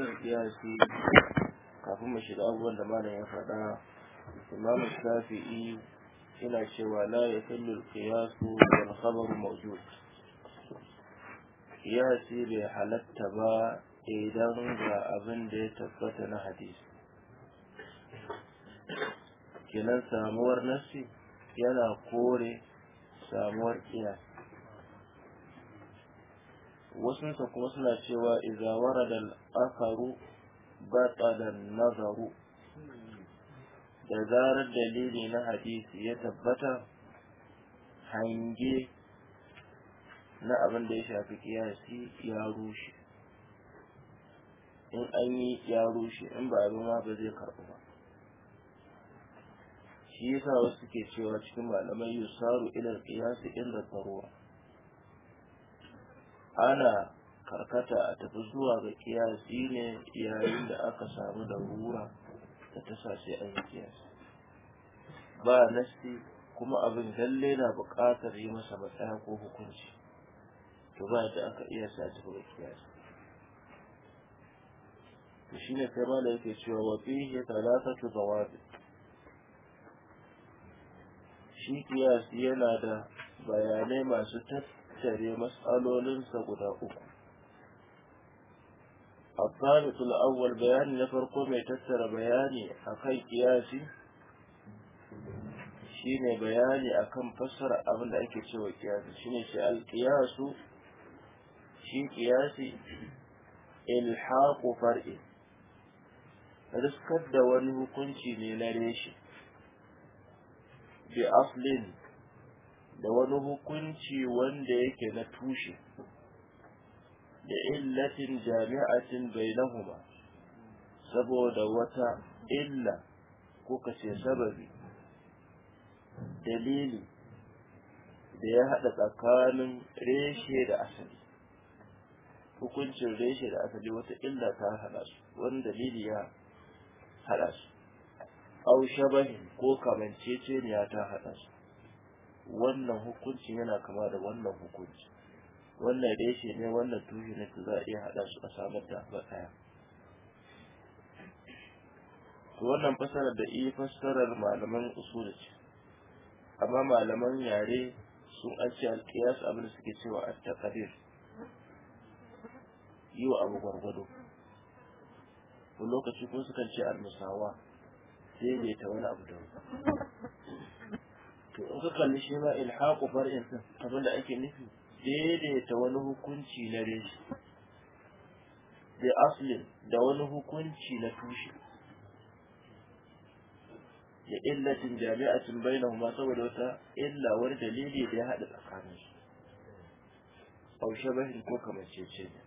matsalar kiyasi kafin mu shiga abubuwan da malam ya faɗa imam shafi'i yana cewa la ya sallu kiyasu wal khabaru mawjud kiyasi bai halatta ba idan ga abin da ya tabbata na hadisi kenan samuwar nasi yana kore samuwar kiyasi wasunsa kuma suna cewa izawara da al'akaru da nazaru da zarar dalili na hadisi ya tabbata hange na abin da ya shafi kiyasi ya rushe in an yi ya rushe in ba abin ma ba zai karɓi ba shi yasa wasu ke cewa cikin malamai yusaru ilal qiyasi inda taruwa ana karkata a tafi zuwa ga kiyasi ne yayin da aka samu da wura da ta sa sai kiyasi ba nasti kuma abin lalle na buƙatar yi masa matsaya ko hukunci to ba da aka iya sa tafi ga kiyasi to ne kai ma da yake cewa wa fihi thalathatu dawabit shi kiyasi yana da bayanai masu tafi. tattare matsalolinsa guda uku الثالث الأول بيان نفرق ميتسر بياني kiyasi shi shine bayani akan fassara abin da ake cewa kiyasi shine shi alqiyasu shi kiyasi ilhaku far'i riskar da wani hukunci ne na reshi bi aslin da wani hukunci wanda yake na tushe da illatin jami'atin ba saboda wata illa ko kace sababi dalili da ya haɗa tsakanin reshe da asali hukuncin reshe da asali wata illa ta haɗa su wani dalili ya haɗa su aushe shabahin ko kamanceceniya ta haɗa su wannan hukunci yana kama da wannan hukunci wannan da yake ne wannan tushe ne za a iya haɗa su a samar da abu to wannan fasarar da iya fassarar malaman usuli ce amma malaman yare sun an ce alƙiyas abin da suke cewa a taqdir yi wa abu gwargwado ko lokaci ko sukan ce al musawa sai ta wani abu da to in ka kalli shi ma ilhaqu far'in sun abin da ake nufi daidaita wani hukunci na reshi Da asli da wani hukunci na tushe da illatin jami'atin ma saboda wata illa wani dalili da ya haɗa tsakanin su aw shabahin ko cece ne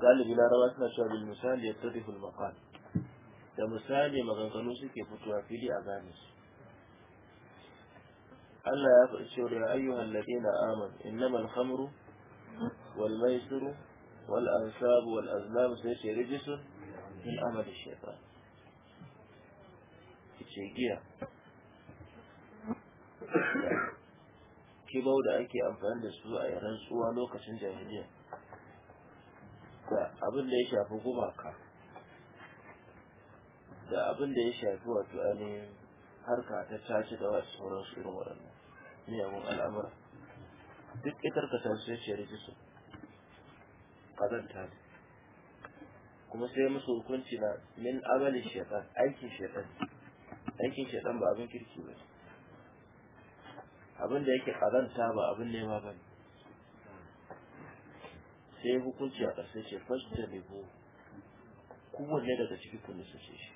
galibi suna cewa bil misali ya al maqal da misali maganganu suke fitowa fili a gane su Allah ya faɗi cewa ya ayyuhan ladina amanu innamal khamru wal maisiru wal ansab wal azlam sai ce rijisun min amal shaytan ce giya kibau da ake amfani da su a yaren tsuwa lokacin jahiliya da abin da ya shafi gumaka da abin da ya shafi wato ainihin harka ta tashi da wasu sauransu irin waɗannan miyagun al'amura duk itar ka taushe ce rijistar kazanta kuma sai musu hukunci na min amalin shaitan aikin shaitan aikin shaitan ba abin kirki ba abin da yake kazanta ba abin nema ba ne sai hukunci a ƙarshe ce fasta nebo kowanne daga cikin ciki su nusace shi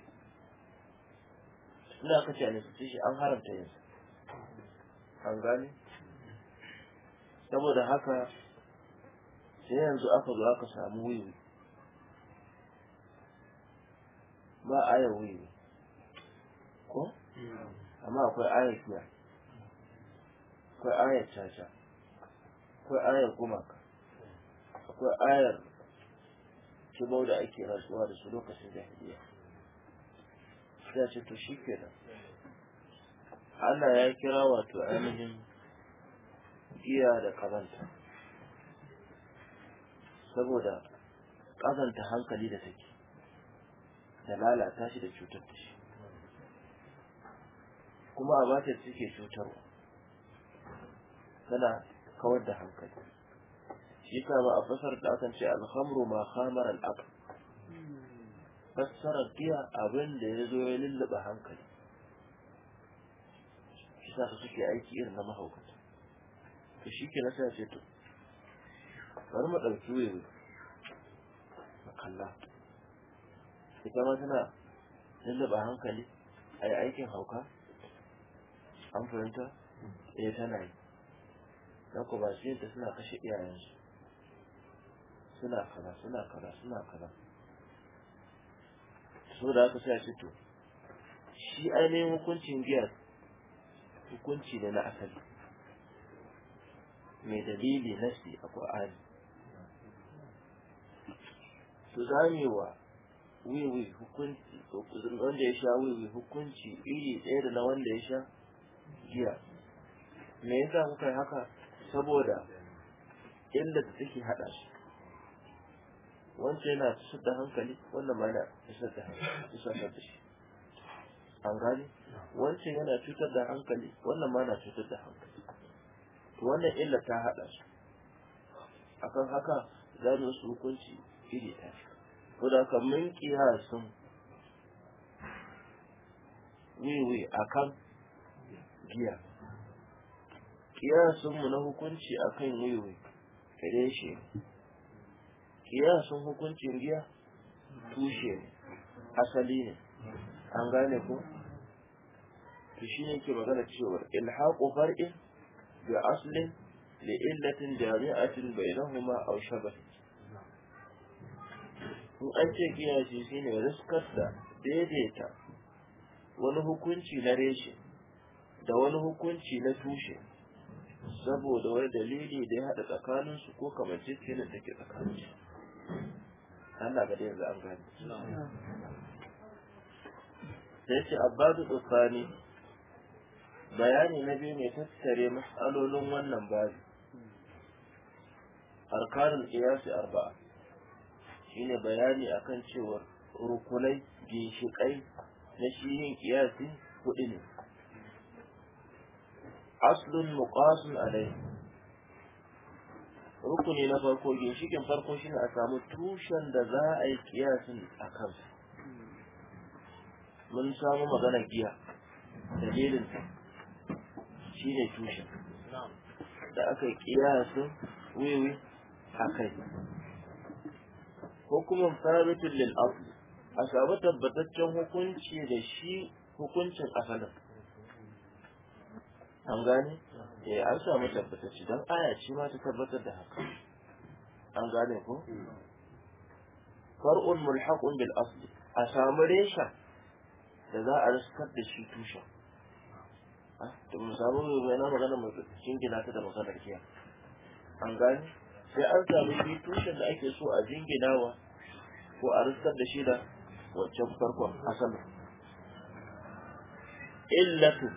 ina aka ce a nusace shi an haramta yanzu an gane saboda haka sai yanzu aka zo aka samu wuyi ba ayar wuyi ko amma akwai aya kiya akwai ayar caca akwai ayar gumaka akwai ayar kibau da ake rasuwa da su lokacin jahiliya sai ce to shi kenan Allah ya kira wato ainihin giya da kazanta saboda kazanta hankali da take da lalata shi da cutar da shi kuma a bata suke cutarwa tana kawar da hankali shi kama ba a fasar da akan ce alhamru ma khamar al'aql fasarar giya abin da ya zo ya lulluɓe hankali sa su suke aiki irin na mahaukata to shi ke nasa ce to bari mu ɗauki wuyan na kalla ita ma tana lullaba hankali a yi aikin hauka an fahimta ɗaya eh, tana yi don ku ba su yadda suna kashe iyayensu suna kaza suna kaza suna kaza so da aka sa ce to shi ainihin hukuncin giyar hukunci da na asali mai dalili nasi a ƙwa'ani su zamewa wiwi hukunci wanda ya sha wiwi hukunci iri ɗaya da na wanda ya sha giya me yasa kuka yi haka saboda inda ta take haɗa shi wancan yana su da hankali wannan mana ya sa da hankali an gane wancan yana cutar da hankali wannan ma na cutar da hankali wannan illa ta haɗa su akan haka za mu su hukunci iri ta ko da ka mun kiyasin wiwi akan giya kiyasin mu na hukunci akan wiwi kare shi kiyasin hukuncin giya tushe asali ne an gane ko to shi ne ke magana cewa ilhaqu far'in bi aslin da illatin jami'atin ma aw ba? su an ce shi shine riskar da daidaita wani hukunci na reshe da wani hukunci na tushe saboda wani dalili da ya haɗa tsakaninsu ko kamar jikin da take tsakaninsu Allah ga yanzu an gani sai ce abadu tsakani bayani na biyu mai tattare matsalolin wannan babi arkanin kiyasi arba'a shine bayani akan cewa rukunai ginshiƙai na shi yin kuɗi ne aslun muqasun alai rukuni na farko ginshikin farko shine a samu tushen da za a yi kiyasin a kansa mun samu maganar giya dalilinsa shi ne tushen da aka kiyasu wiwi a kai hukumin farabitin lil'afu a samu tabbataccen hukunci da shi hukuncin asalin an gane ya eh, an samu tabbatacci don aya ce ma ta tabbatar da haka an gane ko far'un mulhaqun bil asli a samu resha da za a riskar da shi tushen to mun samu mai na magana mai jingina ta da maganar kiya an gani? sai an samu tushen da ake so a jinginawa ko a riskar da shi da waccan farkon asalin illatu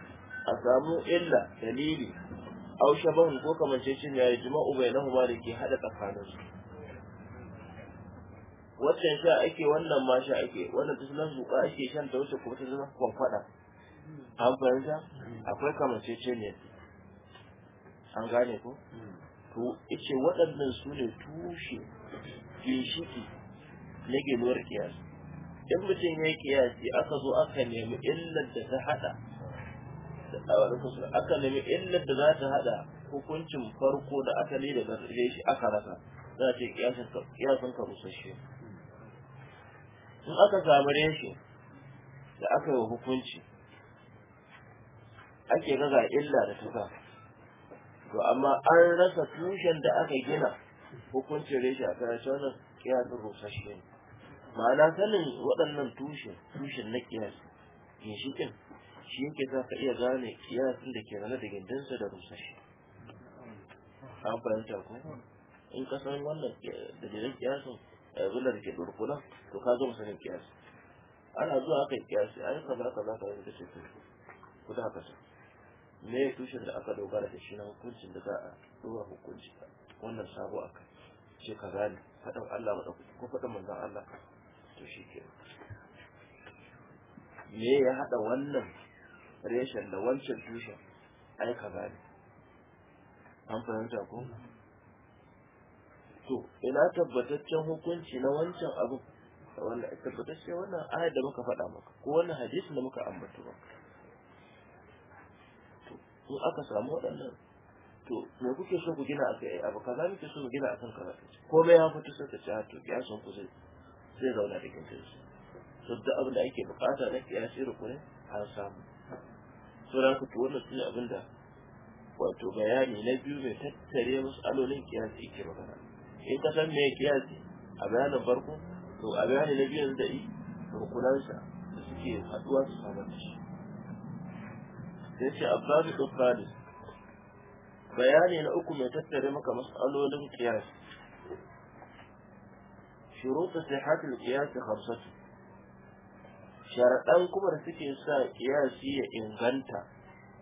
a samu illa dalili au shabahun ko kamancecin ya yayi, jima'u bai na da ke haɗa tsakaninsu wacce sha ake wannan ma sha ake wannan ta sunan ake shan ta wuce kuma ta zama kwamfada an fahimta akwai ne an gane ko to ce waɗannan su ne tushe ginshiki na ginuwar kiyasi in mutum ya yi kiyasi aka zo aka nemi illar da ta haɗa aka nemi illar da za ta haɗa hukuncin farko da asali da zarfe shi aka rasa za a ce kiyasin ka rusashe in aka samu reshe da aka yi hukunci ake gaza illa da tuka to amma an rasa tushen da aka gina hukuncin reshe a karshe wannan kiyasin rusashe ne ma'ana sanin waɗannan tushen tushen na kiyasi ginshikin shi yake za ka iya gane kiyasin da ke rana da gindinsa da rusashe an fahimta ko in ka san wannan jirin kiyasin yanzu da ke durkuna to ka zo sanin kiyasi ana zuwa aka yi kiyasi yi kaza kaza yi da ce ku da haka sai me ya tushen da aka dogara da shi na hukuncin da za a dora hukunci wannan sabo aka ce ka gane faɗin Allah ba ko faɗin manzan Allah to shi ke me ya haɗa wannan reshen da wancan tushen ai ka gane an fahimta ko to ina tabbataccen hukunci na wancan abu wannan tabbataccen wannan ayar da muka faɗa maka ko wannan hadisi da muka ambata maka in aka samu waɗannan to me kuke so ku gina a kai abu kaza muke so mu gina akan kaza me ya fito sai ka ci ah, to ya son ku zai zai zauna da kintin su to duk abin da ake bukata na kiyasi ne an samu sauran ku to wannan shi abin da wato bayani na biyu mai tattare matsalolin kiyasi ke magana in ka san me kiyasi a bayanin farko to a bayanin na biyu yanzu da yi rukunansa da suke haɗuwa su samar da shi sai ce abbasu bayani na uku mai tattare maka mas'alolin kiyas shuruɗa sihatul kiyas hamsatu sharaɗan kuma da suke sa kiyasi ya inganta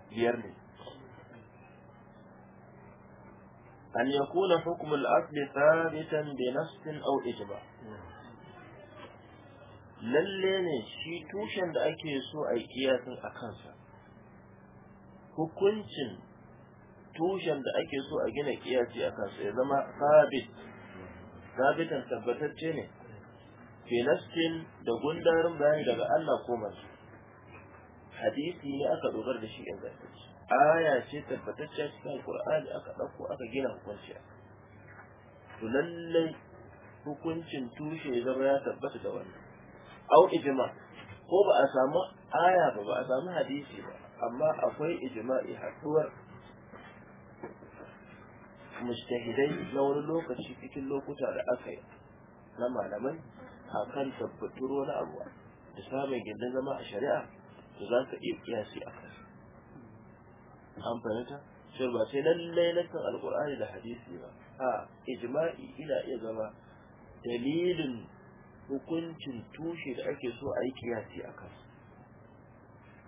biyar ne kula hukumul asli الأصل ثابتا بنص أو ijma lalle ne shi tushen da ake so a yi kiyasin a kansa hukuncin tushen da ake so a gina kiyaci a kansu ya zama sabit sabitan tabbatacce ne filastin da gundarin bayan daga Allah ko masu. hadisi ne aka dogar da shi ingantacce aya ce tabbatacce cikin Qur'ani aka dauko aka gina hukunci to lallai hukuncin tushe ya zama ya tabbata da wannan au ijma ko ba a samu aya ba ba a samu hadisi ba amma akwai ijma'i haɗuwar mujtahidai na wani lokaci cikin lokuta da aka yi na malamai a kan tabbatar wani abu da samun gindin zama a shari'a da za ka iya kiyasi a kasu. an fahimta sai ba sai lallai lantar alkur'ani da hadisi ba a ijma'i ina iya zama dalilin hukuncin tushe da ake so a yi kiyasi a kasu.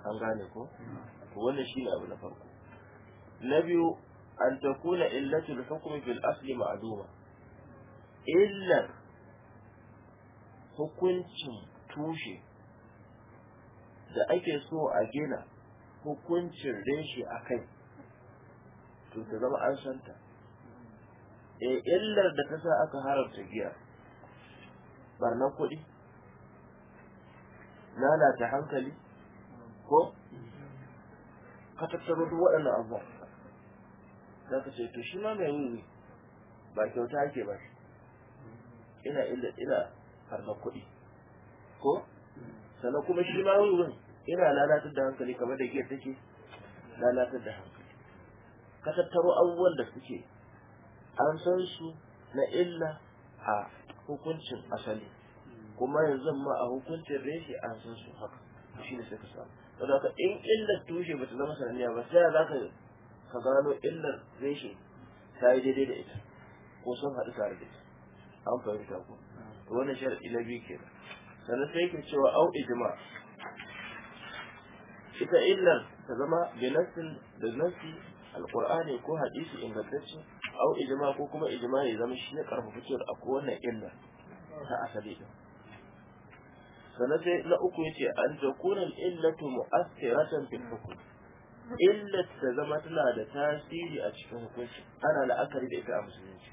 an gane ko to wannan ne abu na farko na biyu an takuna illatul hukumi fil asli ma'duma illar hukuncin tushe da ake so a gina hukuncin reshe a kai to ta zama an santa e eh, illar da ta sa aka haramta giya barna kuɗi lalata hankali ko ka tattaro duk waɗannan abubuwan za ka ce to shi ma mai yi ba kyauta ake ba ina illa ina harba kuɗi ko sannan kuma shi ma yi ina lalatar da hankali kamar da giyar take lalatar da hankali ka tattaro abubuwan da suke an san su na illa a hukuncin asali kuma yanzu ma a hukuncin reshe an san su haka shi ne sai ka samu don ka in illar tushe ba ta zama sananniya ba sai za ka gano illar reshe ta yi daidai da ita ko sun haɗu tare da ita an fahimta ku? wannan sharaɗi na biyu kenan sannan sai yake cewa au ijma ita illar ta zama bilassin da nasi alqur'ani ko hadisi ingantacce au ijma ko kuma ijma ya zama shi ya karfafa cewa akwai wannan illar ta asali din sannan sai na uku yace an jakunan illatu mu'assiratan fil hukm illat ta zama tana da tasiri a cikin hukunci ana la'akari da ita a musulunci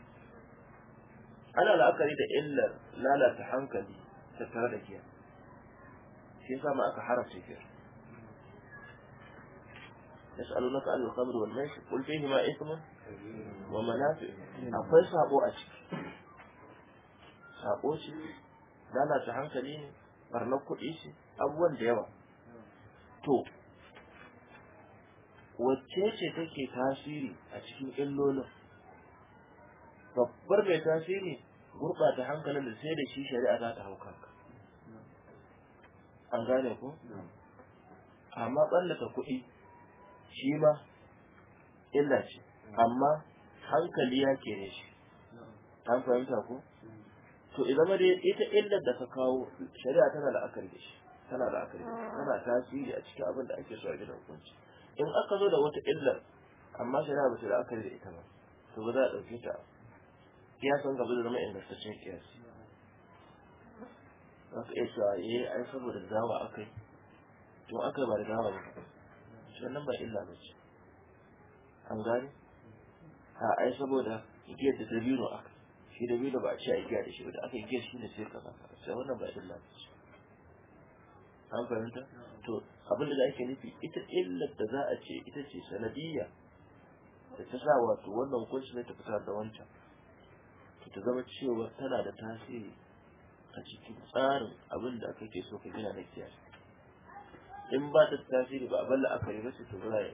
ana la'akari da illar lalata hankali ta tare da giya shi yasa ma aka haramta giya yas'alunaka an al-khamr wal maisir qul fihi ma ithmun wa manafi akwai sabo a ciki sabo ce lalata hankali ne barnar kuɗi ce abubuwan da yawa to wacce ce take tasiri a cikin illolin babbar mai tasiri gurɓata hankalin da sai da shi shari'a za ta hau kanka an gane ko amma ɓallaka kuɗi shi ma illa ce amma hankali ya kere shi an fahimta ko to zama ma ita illar da ka kawo shari'a tana la'akari da shi tana la'akari da shi tana tasiri a cikin abin da ake so a gidan hukunci in aka zo da wata illar amma shari'a ba ta la'akari da ita ba to ba za a ɗauke ta Ya san gaba da zama ingantaccen kiyasi za ka iya cewa yi eh, ai saboda dawa aka yi to aka ba da dawa ba nan ba illa ba ce an gane a ai saboda giyar da dabino aka shi da bilo ba a ce a igiya da shi ba da aka igiya shi ne sai kaza sai wannan ba illa ba ce an fahimta to za a ake nufi ita illar da za a ce ita ce sanadiyya da ta sa wato wannan kunshi ne ta fitar da wancan to ta zama cewa tana da tasiri a cikin tsarin abin da kake so ka gina na kiyasi in ba ta tasiri ba a balla aka yi ce to za a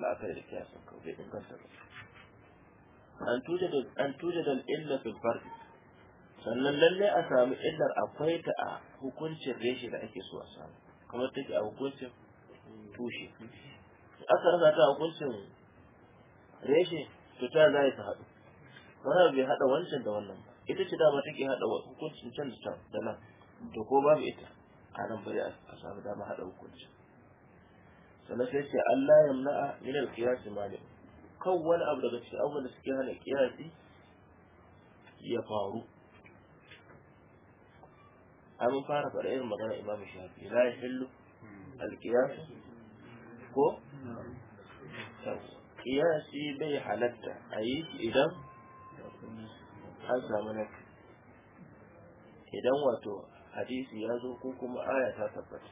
la'akari da kiyasin kawai bai inganta ba an tujad an tujad al illa fil fard sannan lalle a samu illar akwai ta a hukuncin reshe da ake so a samu kamar take a hukuncin tushe aka rasa ta a hukuncin reshe to ta za ta haɗu wani bai hada wancan da wannan ba ita ce dama take hada hukuncin can da can da nan to ko babu ita a nan bai a samu dama hada hukuncin sannan sai ce Allah yamna'a min al-qiyas malik kan wani abu daga cikin abubuwan da suke hana kiyasi ya faru a mun fara faɗa irin magana imam shafi la ya hillu alkiyasi ko kiyasi bai halatta a yi shi idan an samu nafi idan wato hadisi ya zo ko kuma aya ta tabbata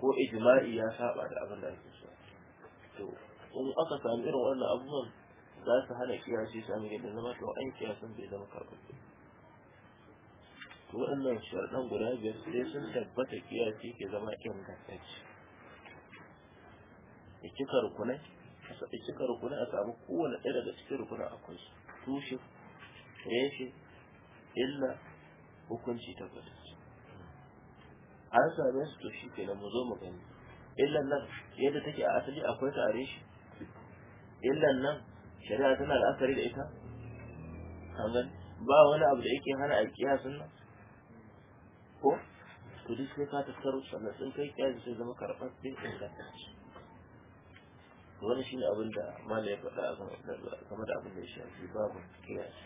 ko ijma'i ya saba da abin da ake so to in aka sami irin wannan abubuwan za su hana kiyasi sami yadda zama to an kiyasan bai zama kafin to Wannan sharɗan guda biyar sai sun tabbata kiyasi ke zama ingantacce ya cika rukunai ya cika rukunai a samu kowane ɗaya daga cikin rukuna akwai su tushe reshe illa hukunci tabbatacce an same su to shi kenan mu zo mu gani illa nan yadda take a asali akwai ta a reshe illan nan shari'a tana la'akari da ita kan ba wani abu da yake hana a kiyasin nan ko to duk sai ka tattaro sannan sun kai kiyasi sai zama karɓar sai ingantacce wani shi ne abin da mala ya faɗa game da abin da ya shafi babu kiyasi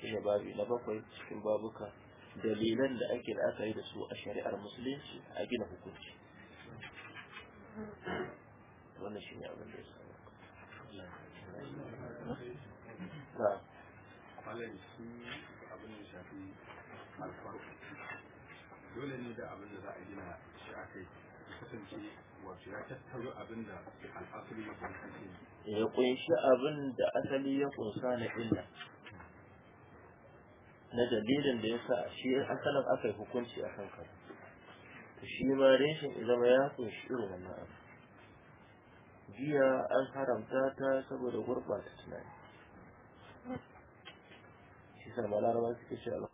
shi ne babu na bakwai cikin babuka dalilan da ake da aka yi da su a shari'ar musulunci a gina hukunci wannan shi ne abin da ya sa malam shi abin da shafi alfarko dole ne da abin da za a gina shi a kai kasance wato ya tattaro abin da al'asali ya ya kunshi abin da asali ya kunsa na illa na dalilin da ya sa shi asalin aka yi hukunci a kan shi ma reshen zama ya kunshi irin wannan abu jiya an haramta ta saboda gurbata tunani shi sarmala rawa suke shi